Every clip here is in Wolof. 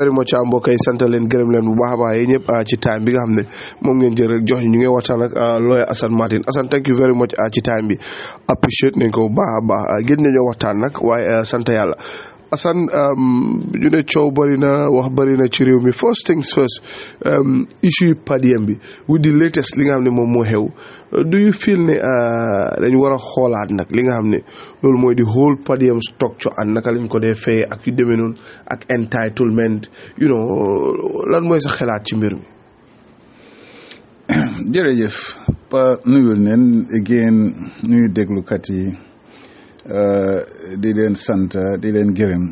very much mbokk yi sant leen gërëm leen bu baax a baax ah, ci time nga xam ne moom ngeen jël rek jox ñu ngi waxtaan ak ah, lawyer Assane Martin Assane thank you very much ah, ci time bi appreciate nañ ko bu baax a baax gën nañoo waxtaan nag waaye sant yàlla Assane um, ñu ne coow bëri na wax bëri na ci réew mi first things first um, issue padiem bi with the latest li nga xam ne moom moo xew uh, do you feel ne uh, dañu war a xoolaat nag li nga xam ne loolu mooy di whole padiem structure an naka lañ ko dee fayee ak yu demee noonu ak entitlement you know lan mooy sax xelaat ci mbir mi. jërëjëf pa nuyul neen again nuyu déglukat yi. di leen sant di leen gërëm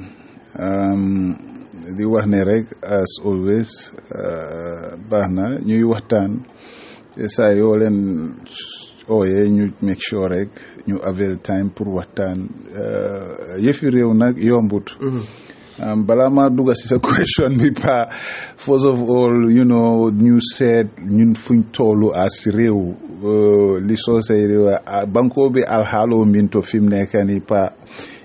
um, di wax ne rek as always uh, baax na ñuy waxtaan saa yoo leen ooyee ñu make sure rek ñu avail time pour waxtaan uh, yëfi réew nag yombut. Mm-hmm. Um, Balama Dugas is a question me First of all, you know, new said new fun tolu asireu uh, liso sayrewa uh, bankobe alhalo minto film nekani pa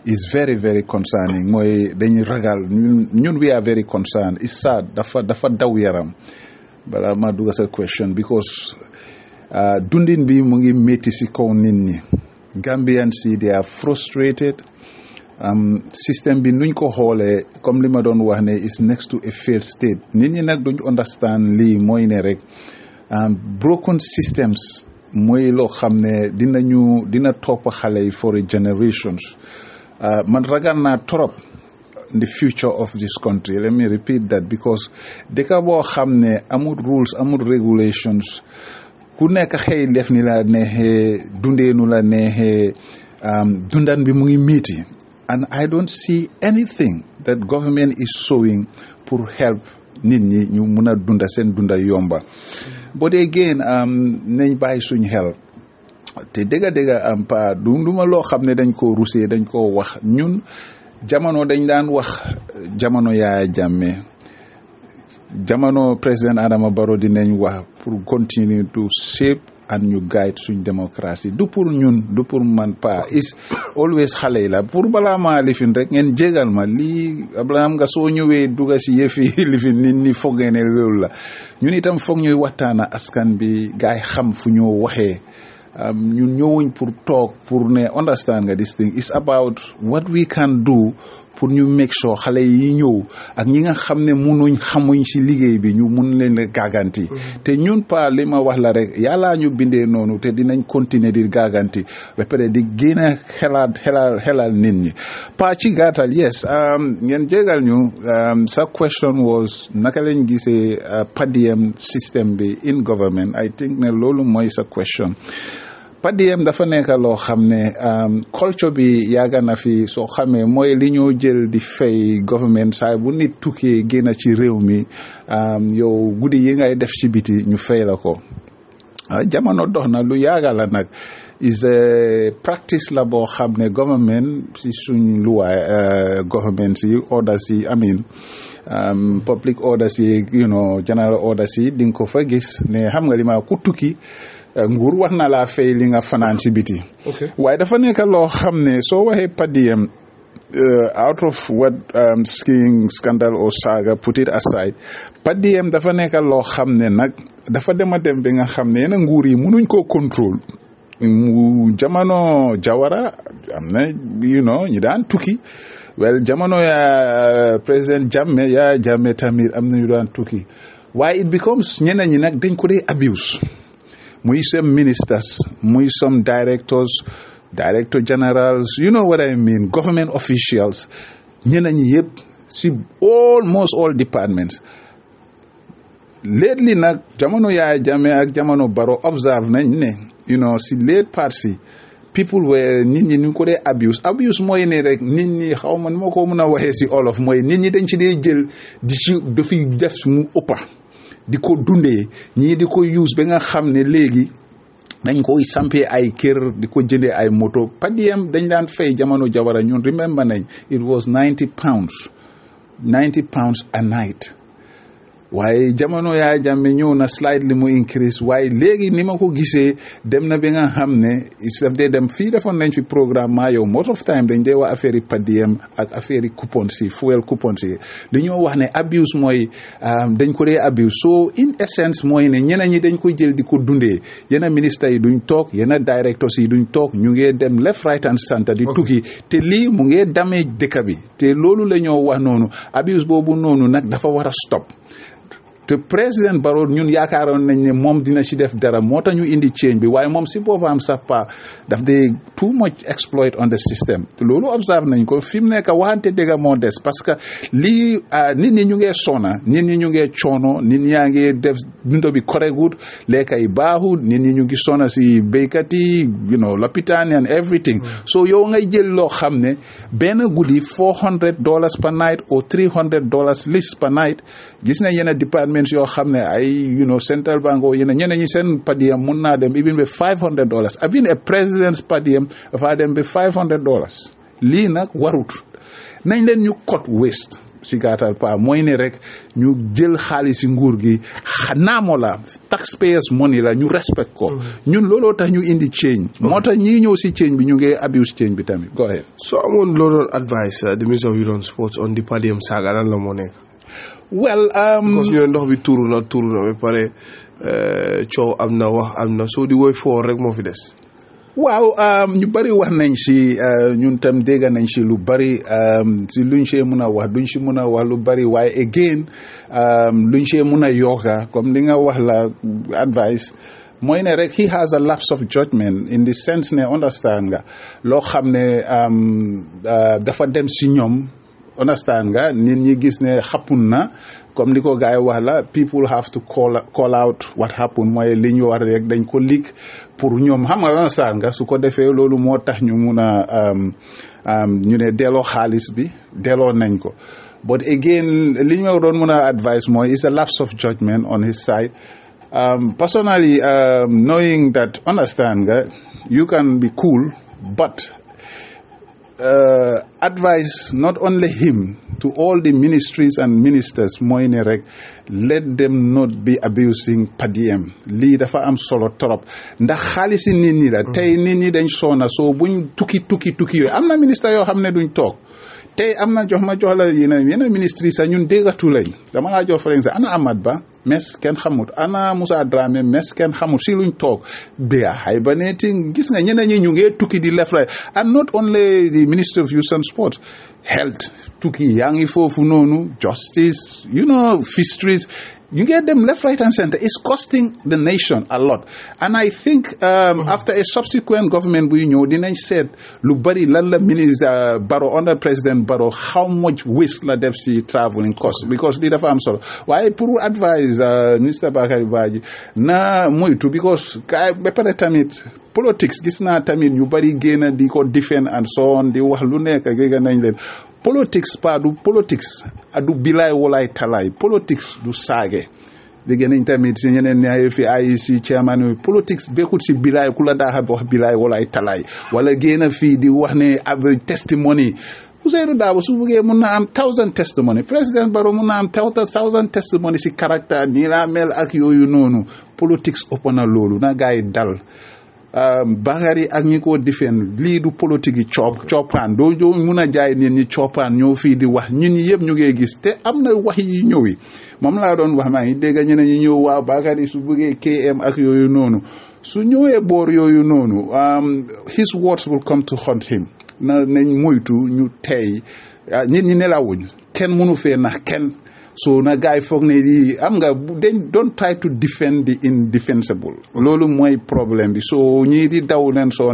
is very very concerning moy dañuy ragal ñun we are very concerned it's sad dafa dafa daw yaram I'm not duga a question because uh, dundin bi mu ngi metti ci gambians they are frustrated um, system bi nuñ ko xoolee comme li ma doon wax ne is next to a failed state nit ñi nag duñ understand lii mooy ne rek um, broken systems mooy loo xam ne dinañu dina topp xale yi for generations uh, man ragal naa trop the future of this country let me repeat that because dëkka boo xam ne amul rules amul regulations ku nekk xëy def ni la neexee dundee nu la neexee um, dundan bi mu ngi miiti and I don't see anything that government is showing for help ñi ñu dunda dunda yomba but again um, nañ bàyyi suñ xel te dëgga dëgga am um, pa du duma loo xam ne dañ koo rusee dañ koo wax ñun jamono dañ wax jamono yaaya jàmme jamono président adama baro dinañ wax pour continue to shape and you guide suñ démocratie du pour ñun du pour man pas is always xale yi la pour balaa maa lifin rek ngeen jégal ma lii Abraham nga soo ñëwee duga si yëfi lifin nit ñi foogee ne loolu la ñun itam foog ñuy waxtaana askan bi gaay xam fu ñoo waxee ñun ñëwuñ pour talk pour ne understand nga this thing is about what we can do pour ñu make sure xale yi ñëw ak ñi nga xam ne munuñ xamuñ ci liggéey bi ñu mun leen a gaaganti mm-hmm. te ñun pa li ma wax la rek yàllaa ñu bindee noonu te dinañ continuer di gaaganti ba pare di gën a xelaat xelal xelal nit ñi pa ci gàttal yes um, ngeen jégal ñu um, sa question was naka lañ gisee uh, per diem system bi in government I think ne loolu mooy sa question padiem dafa nekk loo xam ne euh, culture bi yàgg na fi soo xamee mooy li ñoo jël di fay government saay bu nit tukkee génn ci réew mi euh, yow guddi yi ngay def ci biti ñu fay la ko ah, jamono dox na lu yàgga la nag is a practice la boo xam ne government si suñ luwaay euh, government si order si amin um, public order si general order si di ko fa gis ne xam nga li ku tukki Eh, nguur war na laa fay li nga fanaan si biti waaye dafa nekk loo xam ne soo waxee padiyam eh, out of what um, skiing scandal or saga put it aside Padiem eh, dafa nekk loo xam ne nag dafa dema dem bi nga xam ne yéen nguur yi munuñ koo contrôle mu jamono jawara am na you know ñi daan tukki well jamono ya président jamme ya jamme tamir am na ñu daan tukki waaye it becomes ñeneen ñi nag dañ ko dee abuse we some ministers, we some directors, director generals, you know what I mean, government officials, almost all departments. Lately, now, jamano ya jame ak baro observe nañ ne you know si late party people were nit ñi ñu ko dee abuse abuse mooy ne rek nit ñi xaw man nu ma ko mën all of si nit ñi dañ ci dee jël di ci def mu ëppa di ko dundee ñii di ko use ba nga xam ne léegi dañ koy sampe ay kër di ko jëndee ay moto padiyem dañ daan fay jamono jawara ñun remember nañ it was ninety pounds ninety pounds a night waaye jamono yaay jàmme ñëw na slightly mu increase waaye léegi ni ma ko gisee dem na bi nga xam ne daf dee dem fii defoon nañ fi programme maa yow most of time dañ dee wax affaire yi per diem ak affaire yi coupons yi fuel coupons si dañoo wax ne abuse mooy um, dañ ko de abuse so in essence mooy ne ñeneen ñi dañ koy jël di ko dundee yenn ministres yi duñ toog yenn directors yi duñ toog ñu ngee dem left right and center di tukki te lii mu nge damee dëkk bi te loolu la ñoo wax noonu abuse boobu noonu nag dafa war a stop and te président Barrow ñun yaakaaroon nañ ne moom dina ci def dara moo tax ñu indi change bi waaye moom si boppam sax pas daf dee too much exploit on the system te loolu observe nañ ko fi mu nekk waxante dëgg moo des parce que lii ah, nit ñi ñu ngee sona nit ñi ñu ngee coono nit ñaa ngee def dundo bi koregut lekka yi baaxut nit ñi ñu ngi sona si béykat yi you know lopitaan and everything mm. so yow ngay jël loo xam ne benn guddi four hundred dollars per night or three hundred dollars list per night gis governments yoo xam ne ay you know central bank oo yene ñeneen ñi seen per diem mun naa dem even be five hundred dollars even a president's per diem dafaa dem be five hundred dollars lii nag warut nañ leen ñu cut waste si gàttal pa mooy ne rek ñu jël xaalisi nguur gi xanaamoo la taxpayers money la ñu respect ko mm-hmm. ñun looloo ta ñu indi change mm-hmm. moo tax ñu ñëw si change bi ñu ngi abuse change bi tamit go ahead so amoon loo doon advice uh, the minister of youth and well. parce um, que ndox bi tuuru na tuuru na ba pare eh, coow am na wax am na soo di woy foor rek moo fi des. waaw um, ñu bëri wax nañ si eh, ñun tam dégg nañ si lu bëri si um, luñ see mun a wax duñ si mun a wax lu bëri waaye again luñ see mun a yokka comme li nga wax la advice mooy ne rek he has a lapse of judgment in the sense ne understand nga loo xam ne eh, dafa dem si ñoom. understand nga nit ñi gis ne xappun na comme ko gaay wax la people have to call call out what happened mooy li ñu war rek dañ ko leak pour ñoom xam nga understand nga su ko defee loolu moo tax ñu mun a um, um, ñu ne delloo xaalis bi delloo nañ ko but again li ñu doon mun a advice mooy is a lapse of judgment on his side um, personally um, knowing that understand nga you can be cool but uh, advise not only him, to all the ministries and ministers moyne let them not be abusing per Li lii dafa am solo trop ndax xaalisi nit ñi la tey mm-hmm. nit ñi dañ soona soo buñ tukki tukki tukki yooyu am na ministre yoo xam ne duñ toog tey am na jox ma jox la yeneen yeneen ministres yi sax ñun déggatu lañ dama laa jox français ana Amad Ba mes kenn xamut ana musa Dramé mes kenn xamut si luñ toog they are hibernating gis nga ñeneen ñi ñu ngee tukki di left right and not only the minister of youth and sport health tukki yaa ngi foofu noonu justice you know fisheries you get them left, right, and center. It's costing the nation a lot. And I think um, mm-hmm. after a subsequent government, we knew, then I said, Lubari the Minister Baro, under President Baro, how much waste la Depsi traveling cost? Because leader am sorry. Why Puru advise uh, Minister Bakari Baji, na muitu, because by tamit politics, This na tamit, ñu Lubari génn di ko defend and so on, The wax lu nekk, gëgg nañ leen. politics pa du politics du bilaay walaay talaay politics du saage dégg nañ tamit si ñeneen ñaay fi IEC chairman yooyu bekkut si bilaay ku la daaxa wax bilaay walaay talaay wala génn fii di wax ne ab testimony Ousainou Darboe su buggee mun na am thousand testimony président Barrow mun na am thousand testimony si caractère nii laa mel ak yooyu noonu politics ëpp na loolu na gars yi dal Euh, Bakar yi ak ñi ko difen lii du politique yi coob coppaan doo doo mun a jaay nit ñi coppaan ñoo fii di wax ñu ñi yëpp ñu ngee gis te am na wax yi ñëw yi moom laa doon wax maa ngi dégg ñu ne ñu ñëw waaw Bakar su su bëggee KM ak yooyu noonu su ñëwee boor yooyu noonu um, his words will come to haunt him na nañ moytu ñu tey ah, nit ñi nelawuñ kenn mënu fee nax kenn so na foog ne lii am nga dañ don't try to defend the indefensible loolu mooy problème bi so ñii di daw leen soo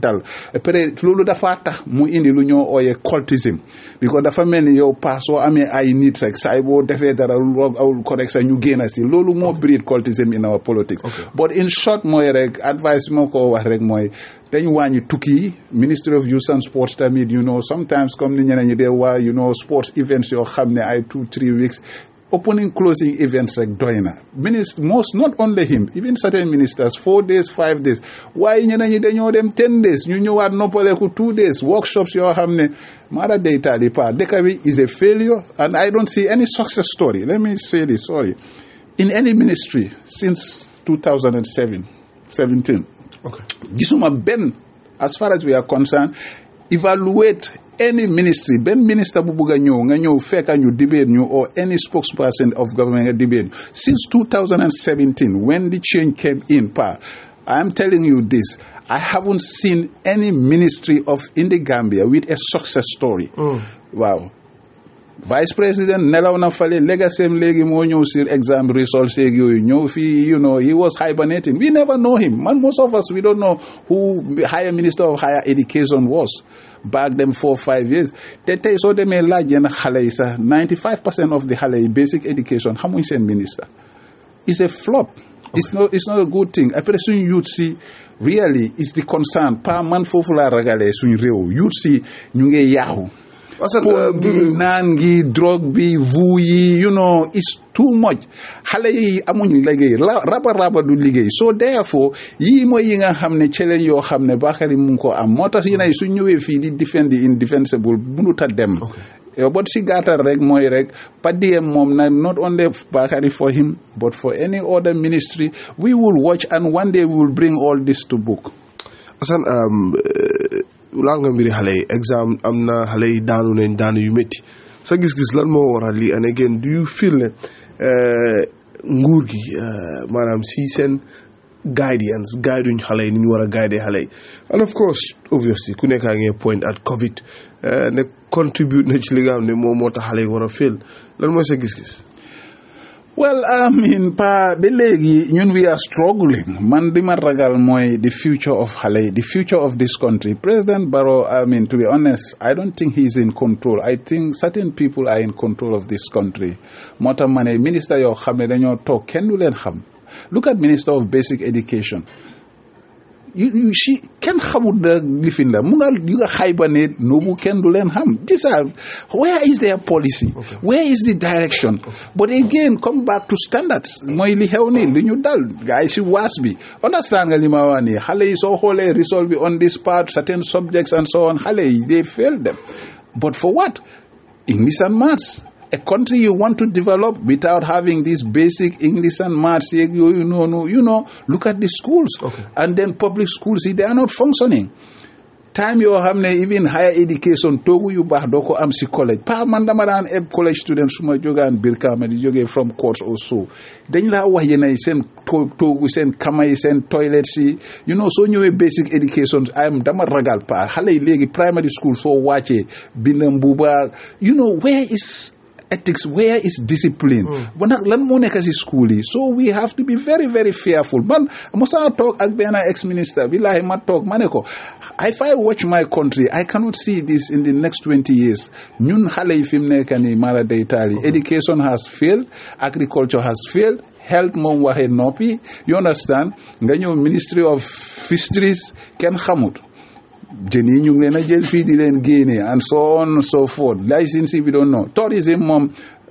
dal après loolu dafa tax mu indi lu ñoo ooyee cultism because dafa mel ni yow pas soo amee ay nit rek saay boo defee dara roog awul correct rek ñu génn si loolu moo breed cultism in our politics but in short mooy rek advice moo ko wax rek mooy you wàññi tukki take ministry of youth and sports tamit you know sometimes comme ni ñeneen ñi dee waa you know sports events yoo xam ne ay two three weeks opening closing events rek doy na ministre most not only him even certain ministers four days five days waaye ñeneen ñi dañoo dem ten days ñu ñëwaat noppaleku two days workshops yoo xam ne mara day taali pa dëkk bi is a failure and I don't see any success story let me say this sorry in any ministry since 2007 17 Okay. Gisuma Ben, as far as we are concerned, evaluate any ministry ben minister bu bëgg a ñëw nga ñëw fekk ñu or any spokesperson of government nga since 2017 when the change came in pa I am telling you this. I haven't seen any ministry of in the Gambia with a success story. Mm. Wow vice président Nela na fale legi léegi moo ñëw sur exam risol seeg yooyu ñëw you know he was hibernating we never know him man most of us we don't know who higher minister of higher education was back them four five years te tey soo demee laaj yenn xale 95 percent of the xale basic education xamuñ seen minister? is a flop it's not it's not a good thing I presume you'd see. really is the concern Pa man foofu laa ragalee suñ réew youth si ñu ngi yaaxu pot uh, bi naan gi drogue bi vuu yi you know it's too much xale yi amuñu liggéey raba raba du liggéey so therefore yii mooy yi nga xam ne celeen yoo xam ne Bakary mu ngi ko am moo tax yi nay su ñëwee fii di defend indefensible mënut a dem eh, but si gàttal rek mooy rek padiem moom na not only Bakary for him but for any other ministry we will watch and one day we will bring all this to book Assane um, laal nga mbiri xale yi exemple am na xale yi daanu nañ daanu yu métti sa gis-gis lan moo war a lii and again do you feel ne uh, nguur gi uh, maanaam si seen guidance guide uñ xale yi ni ñu war a guide xale yi and of course obviously ku nekkaa ngee point at covid uh, ne contribute na ci li nga xam ne moom moo tax xale yi war a fail lan mooy sa gis-gis well I mean pa ba we are struggling man di the future of Halei, the future of this country President Barrow I mean to be honest I don't think he's in control I think certain people are in control of this country moo tax Minister ne ministre yoo xam ne du look at minister of basic education you, she ken xamul da lifin la mu nga yu nga xayba ne noobu kenn du leen are where is their policy okay. where is the direction okay. but again come back to standards mooy li xew ni li ñu dal gars yi si bi understand nga li ma wax nii xale yi resolve on this part certain subjects and so on xale yi they fail them but for what English and maths a country you want to develop without having this basic English and maths, you, know, you know, look at the schools. Okay. And then public schools, they are not functioning. Time you have, even higher education togu you bah doko amsi college pa mandamaran eb college students suma joga and birka ma joge from course also Then la wax yene sen togu sen kamay send toilet See, you know so ñewé basic education i am dama ragal pa legi primary school so wacce binam you know where is ethics? Where is discipline? Mm. Lan moo nekk si school so we have to be very very fearful man mosaa toog ak benn ex minister We like toog talk. Maneko, if I watch my country I cannot see this in the next twenty years ñun hale yi fi mu nekk mara day taal education has failed agriculture has failed health moom waxee noppi you understand nga ñëw ministry of fisheries kenn hamut jën ñu ngi leen a jël fii di leen génne and so on so forth license bi doon non tourism moom um,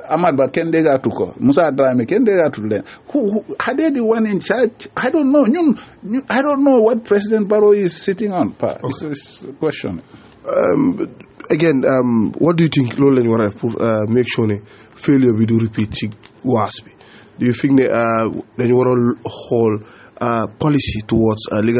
Ahmad Ba kenn déggaatu ko Moussa Dramé kenn déggaatu leen who, who are they the one in charge I don't know ñun ñu I don't know what President Barrow is sitting on pa okay. it's, it's a question um, again um, what do you think loolu you war a def pour uh, make sure ne failure bi du repeat ci waas bi do you think ne dañu uh, war a xool uh, policy towards uh, li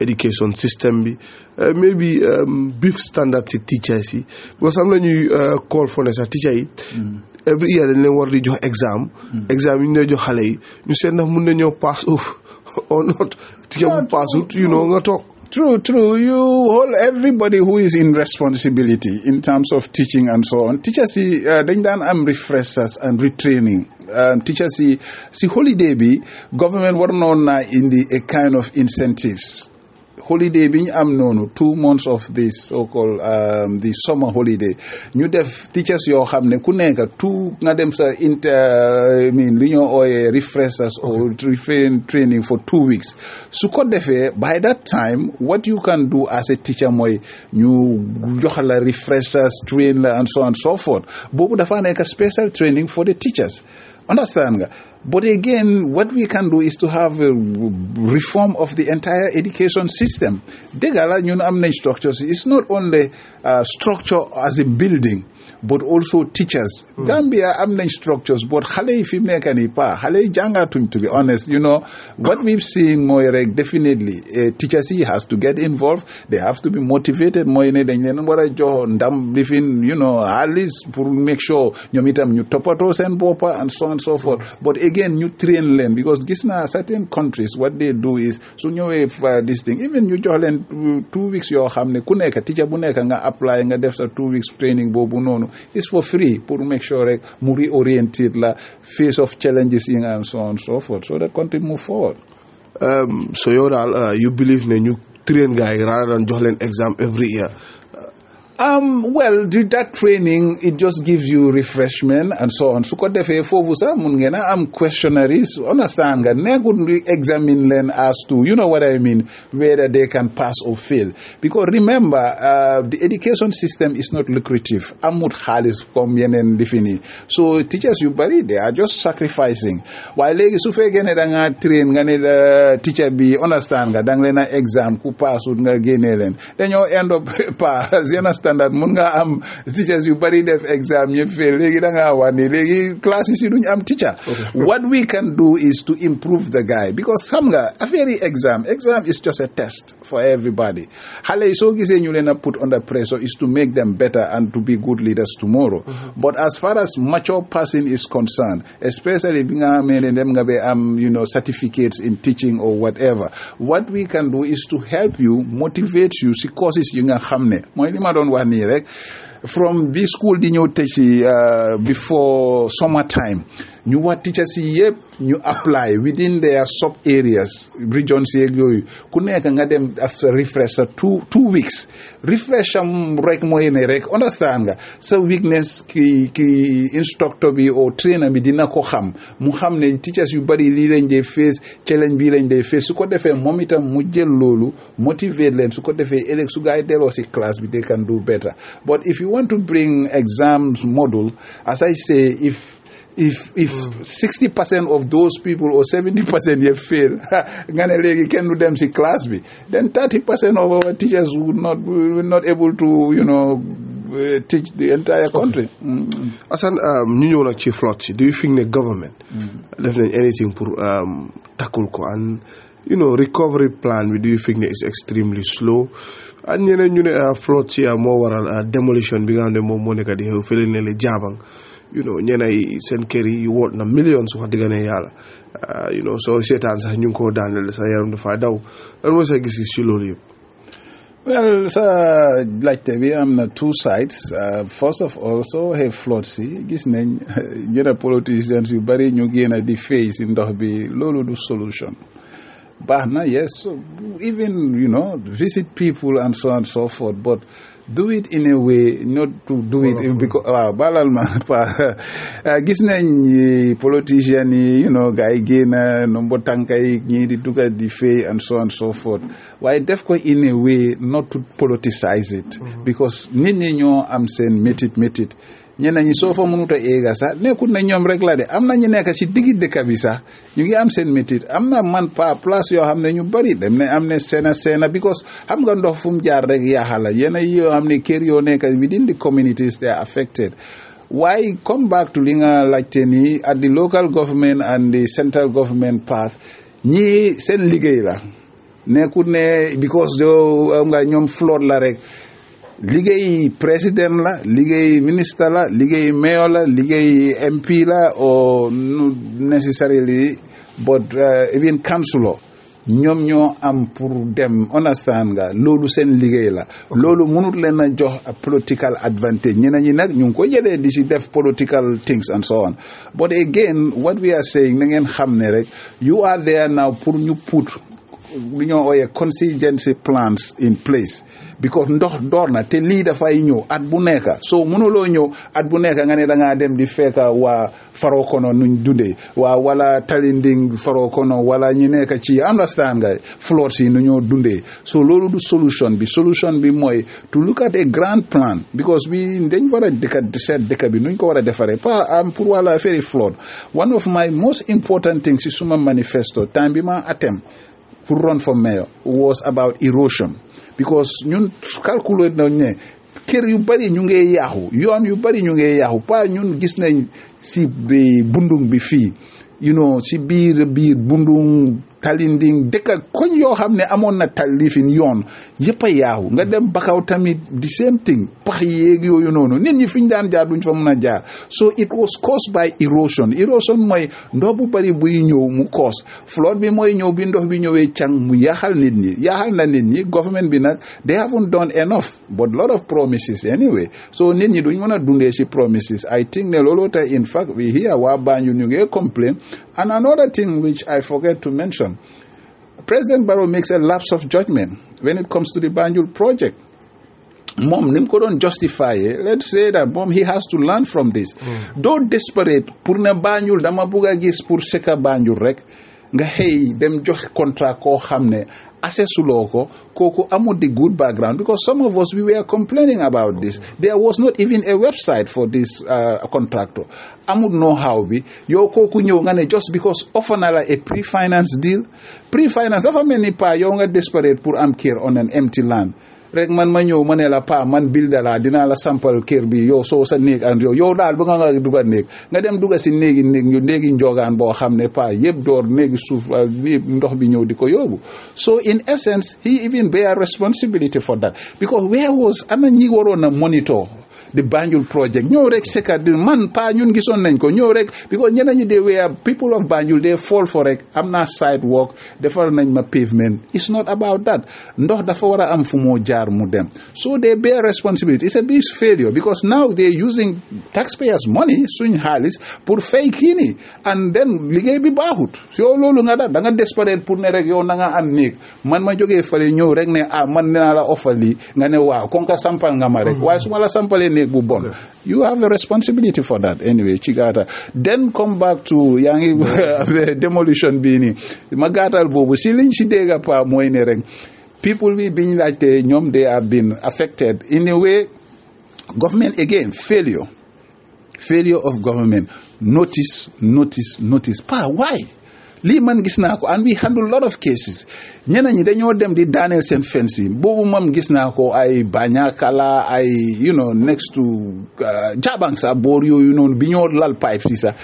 education system bi uh, maybe um, beef standard si teachers yi because am na ñuy call for a teacher yi eh? mm. every year dañ leen war di jox exam mm. exam yi ñu lay jox xale yi ñu seet ndax mun nañoo pass off or not teacher bu you know nga toog True, true. You all, everybody who is in responsibility in terms of teaching and so on. Teachers see, uh, dañ am refreshers and retraining. Um, teachers see, si holiday be government war noon in the a kind of incentives holiday bi ñu am noonu two months of this so called um, the summer holiday ñu def teachers yoo xam ne ku nekk two nga dem sa inter I mean li ñoo ooyee refreshers or training for two weeks su ko defee by that time what you can do as a teacher mooy ñu jox la refreshers train la and so on and so forth boobu dafa nekk special training for the teachers understand nga but again, what we can do is to have a reform of the entire education system. Degala Nyun Amne structures is not only a uh, structure as a building but also teachers mm. Gambia amna nañ structures but hale yi fi nekk nii pa xale to be honest you know what we've seen mooy rek definitely uh, teachers He has to get involved they have to be motivated mooy ne dañ leen war a jox ndam lifin you know least pour make sure ñoom itam ñu toppatoo seen boppa and so on and so forth but again you train them because is a certain countries what they do is su so if this thing even ñu jox leen two weeks you are ne ku teacher buneka nekk nga apply nga two weeks training boobu no. It's for free. Pour make sure like, more oriented, la face of challenges in and so on and so forth. So that country move forward. Um, so you're, uh, you believe in new train guy rather than join exam every year. Um, well, that training, it just gives you refreshment and so on. So what defee foofu sax mun ngeen a am um, questionnaires, understand nga could examine them as to, you know what I mean, whether they can pass or fail. Because remember, uh, the education system is not lucrative. Amut xaalis comme So teachers you believe they are just sacrificing. While they su fekkee ne da nga train nga ne uh, teacher be understand nga da nga leen a exam ku passut nga génnee leen dañoo end up pass, you understand? standard mun ngaa am teachers yu bari def exam yëpp fee Legi da ngaa wax ni classes yi duñ am teacher what we can do is to improve the guy because xam nga affaire exam exam is just a test for everybody Hale so soo gisee ñu leen put under pressure is to make them better and to be good leaders tomorrow mhm. but as far as mature person is concerned especially bi nga xamee dem nga be am you know certificates in teaching or whatever what we can do is to help you motivate you si courses yi nga xam ne li ma from this school di ñëw tëj before summer time New what teachers yi you apply within their sub areas regions yeeg yooyu ku nekk nga dem after refresher two two weeks refresh am rek mooy ne rek understand nga weakness ki ki instructor bi o trainer bi dina ko xam mu xam ne teachers yu bari lii lañ face challenge bii lañ dee face su ko defee moom itam mu jël loolu motivate leen su ko defee elek su gaay delloo class classe bi they can do better but if you want to bring exams module as I say if if if sixty percent of those people or seventy percent they fail, Ganelegi can do them see class B. Then thirty percent of our teachers would not be not able to you know uh, teach the entire country. Mm. Asan, um, ñu ñëw nag do you think the government definitely mm. anything for um, tackle ko and you know recovery plan We do you think it is extremely slow and ñeneen ñu ne flood si moo more uh, demolition began the more ne moom moo nekk di the jabang you know ñenn ay seen kër yi yu woot na millions wax dëgg ne yàlla ah, you know soo seetaan sax ñu ngi koo daaneel sa yaram dafa daw lan mooy sa gis-gis ci loolu yëpp. well sa laajte bi am two sides ah, first of all so have flood si gis nañ ñu politicians, politiciens yu bari ñu génn di in si ndox bi du solution. Bahna, yes even you know visit people and so and so forth but do it in a way not to do it because waaw ah, balal ma ah, gis nañ politician yi you know gars yi génna nombo tànka ni di dugal di fay and so and so forth Why? def ko in a way not to politicize it mm-hmm. because nit ñi ñoo am seen métit métit ñeneen ñi soo fa mënut a éega sax nekkul ne ñoom rek la de am na ñu nekk ci digi dëkk bi sax ñu ngi am seen métier am na man pa place yoo xam ne ñu bari dem ne am ne seena seena because xam nga ndox fu mu jaar rek yaaxa la yeneen yoo xam ne kër yoo nekk within the communities they are affected why come back to li nga laajte nii at the local government and the central government path ñii seen liggéey la nekkul ne because yow am nga ñoom flood la rek liggéey président la liggéey ministre la liggéey mayor la liggéey MP la or no necessarily but uh, even councilor ñoom ñoo am pour dem understand nga loolu seen liggéey la loolu mënut leen a jox political advantage ñeneen ñi nag ñu ngi ko jëlee di si def political things and so on but again what we are saying na ngeen xam ne rek you are there now pour ñu put li ñoo ooyee contingency plans in place because ndox door na te lii dafay ñëw at bu nekk soo mënuloo ñëw at bu nekk nga ne da ngaa dem di wa waa Farokono nuñ Wa waa wala Talinding Farokono wala ñi nekk ci understand nga flotte yi nu ñoo so loolu du solution bi solution bi mooy to look at a grand plan because bi dañ war a dëkk seet dëkk bi nuñ ko war a defaree pas am ah, pour wala affaire flood one of my most important things si suma manifesto time bi ma atem who run for mayor was about erosion because ñun calculate nañ ne kër yu bari ñu ngee yaaxu yoon yu bari ñu ngee yaaxu pas ñun gis nañ si bundung bi fii you know si biir biir bundung tali deka dëkk koñ yoo xam ne amoon na talifin yoon yëpp a yaaxu nga dem bakaw tamit di same thing pax yéeg yooyu noonu nit ñi fi ñu daan jaar duñ fa mën a jaar so it was caused by erosion erosion mooy ndox bu bari buy ñëw mu cause flood bi mooy ñëw bi ndox bi ñëwee càng mu yaaxal nit ñi yaaxal na nit ñi government bi nag they haven't done enough but lot of promises anyway so nit ñi duñ mën a dundee si promises I think ne looloo tax in fact we hear waa Banjul ñu ngi complain and another thing which I forget to mention President Barrow makes a lapse of judgment when it comes to the Banjul project. Mom, him couldn't justify it. Let's say that mom, he has to learn from this. Mm. not desperate, pour banjul, damabuga gis pour seka banjul rek nga xëy dem jox contract koo xam ne assessuloo ko kooku amul good background because some of us we were complaining about this there was not even a website for this uh, contractor amul know-how bi yow kooku ñëw nga ne just because offer na la a pre-finance deal pre-finance dafa mel ni pas yow nga desperate pour am kër on an empty land rek man ma ñëw ma ne la pa man bilda laa dinaa la sampal kër bi yow soo sa néeg and yow yow daal ba nga nga duga néeg nga dem duga si néegi néeg ñu néegi njogaan boo xam ne pa yëpp door néegi suuf ah, ndox bi ñëw di ko yóbbu so in essence he even bear responsibility for that because where was ana ñi waroon a monitor the Banjul project ñoo rek sekat di man pa ñun gisoon nañ ko ñoo rek because ñeneen ñi they were people of Banjul they fall for rek amna sidewalk defal nañ ma pavement it's not about that ndox dafa wara am fu mo jaar mu dem so they bear responsibility it's a big failure because now they using taxpayers money suñ halis pour fake ini, and then liggéey bi baaxut yow loolu nga da da nga desperate pour ne rek yow na nga am nek man ma jógee fale ñëw rek ne ah man naa la offer lii nga ne waaw kon ka sampal nga ma rek mm-hmm. waaye su la sampalee You have a responsibility for that anyway, Chigata. Then come back to yangi yeah. demolition bini. Magata bobu silin chidega pa moinereng. People we being like the nyom they have been affected in a way. Government again failure, failure of government. Notice, notice, notice. Pa why? lii man gis naa ko and we handle lot of cases ñeneen ñi dañoo dem di daaneel seen fensi yi boobu moom gis naa ko ay Banyankala ay you know next to uh, Jabang sax boor yooyu noonu bi ñoo lal pipe si sax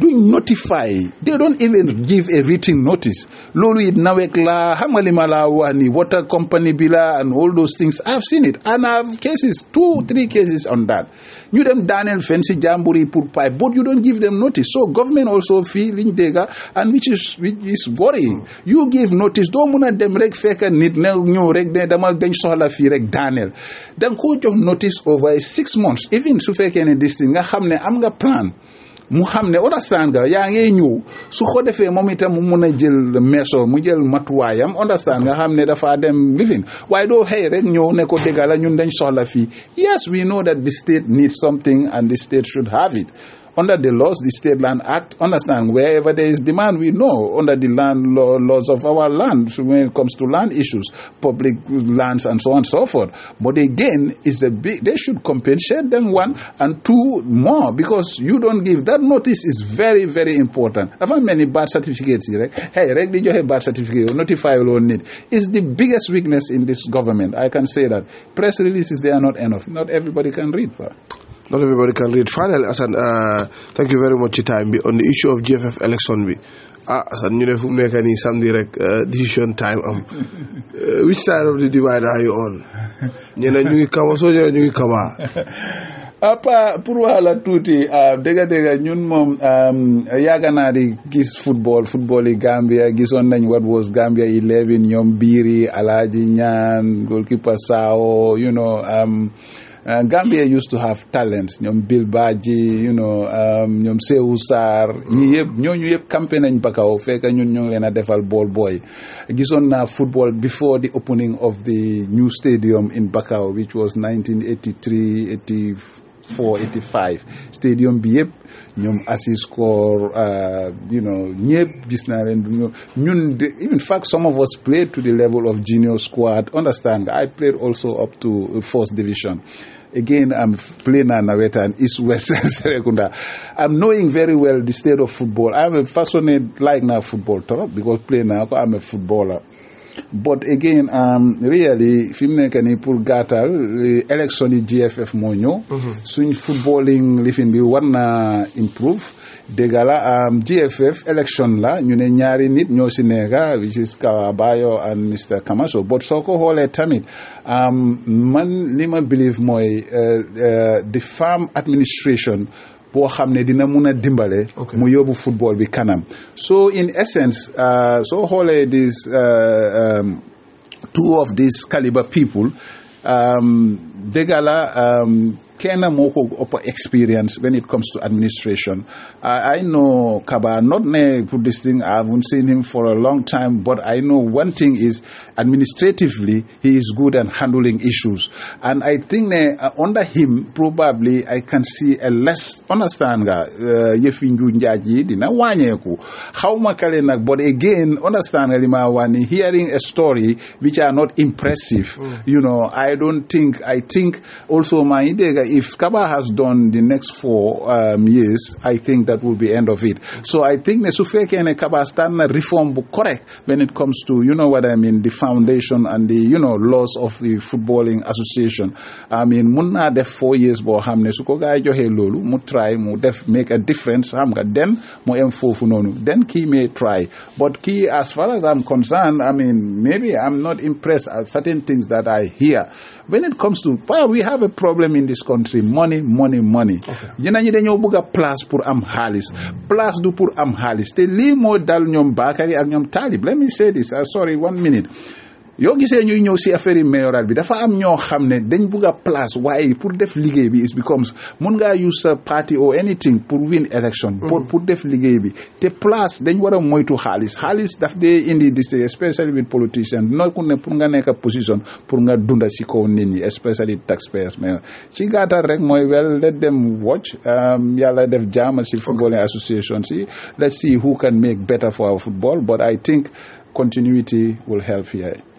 duñ notify they don't even give a written notice loolu it naweek la xam nga li ma la wax ni water company bi la and all those things I've seen it and I've cases two three cases on that ñu dem daaneel fensi jàmbur yi pour pipe but you don't give them notice so government also fii liñ dégga and which is which is worry you give notice do mun a dem rek fekk need ne ñëw rek ne dama dañ soxla fii rek Daniel. Then koo jox notice over six months even su feka ne dis nga xam ne am plan mu xam ne understand nga yaa ngay ñëw su ko defee moom itam mu mun a jël mu jël understand nga ham ne dafa dem living Why do hey rek ñëw ne ko de la ñun dañ fi. yes we know that the state needs something and the state should have it under the laws, the State Land Act, understand wherever there is demand, we know under the land law, laws of our land when it comes to land issues, public lands, and so on and so forth. But again, it's a big, they should compensate them one and two more because you don't give that notice is very, very important. i found many bad certificates, Hey, Reg, did you have bad certificate? you Notify on it. It's the biggest weakness in this government. I can say that. Press releases, they are not enough. Not everybody can read. But not everybody can read. Finally, Asan, uh, thank you very much your time. On the issue of GFF election, ah as ñu ne fu mu nekk nii samedi rek uh, decision time am uh, which side of the divide are you on you ne ñu ngi kaba You ñu ngi kaba. apa ah, pour wax la tuuti ah, dëgg dëgg ñun Um, yaga na di gis football football yi Gambia gisoon nañ what was Gambia 11 ñoom biiri Alaaji Ñaan goalkeeper Sao you know. Um. Uh, Gambia used to have talents ñoom Bill Baji, you know um, ñoom um, Seewu Sarr ñi yëpp ñooñu yëpp campé nañ Bakau fekk ñun ñoo ngi a defal ball boy gisoon naa football before the opening of the new stadium in Bakau which was 1983 84 485 stadium bi yëpp ñoom Assis Kor uh, you know ñëpp gis naa leen ñun de in fact some of us played to the level of junior squad understand I played also up to uh, first division again I'm playing Naweta and East West Serekunda. I'm knowing very well the state of football. I'm a fascinated like now football because playing now I'm a footballer but again um, really fi mu nekk nii pour gàttal élection in GFF moo ñëw. Mm-hmm. suñ footballing living be war to improve. dëgg la um, GFF élection la you ne nyari nit ñoo si which is Kawabayo and Mr Kamaso but so ko xoolee tamit um, man li ma believe mooy uh, uh, the farm administration dina mu football bi kanam so in essence uh, so xoolee this uh, um, two of these caliber people um, degala la um, Kena moko upper experience when it comes to administration. I, I know Kaba, not ne put this thing, I haven't seen him for a long time, but I know one thing is administratively, he is good at handling issues. And I think ne, uh, under him, probably I can see a less, understand ga, uh, yefinju njaji, dina wanyeku. How makale na. but again, understand lima wani, hearing a story which are not impressive, mm. you know, I don't think, I think also my idea if Kaba has done the next four um, years, I think that will be end of it. So I think Nesufeke and Kaba stand reform correct when it comes to, you know what I mean, the foundation and the, you know, laws of the footballing association. I mean, munna the four years but xamne su lulu, gaay mu try mu def make a difference xam then mu am fofu Funonu, then key may try but key as far as I'm concerned I mean maybe I'm not impressed at certain things that I hear when it comes to well, we have a problem in this country country money money money ñeneen ñi dañoo bëgg a place pour am xaalis place du pour am xaalis te lii moo dal ñoom Bakary ak ñoom Talib let me say this uh, sorry one minute yoo gisee ñuy ñëw si affaire yi mayoral bi dafa am ñoo xam ne dañ bugg a place waaye pour def liggéey bi is becomes mun ngaa use party or anything pour win election. Mm. pour pour def liggéey bi te place dañ war a moytu xaalis xaalis daf dee indi especially with politician ku ne pour nga nekk position pour nga dunda si kaw nit ñi especially taxpayers mais ci gàttal rek mooy well let them watch um, yàlla def jaama si footballing association si let's see who can make better for our football but I think continuity will help here.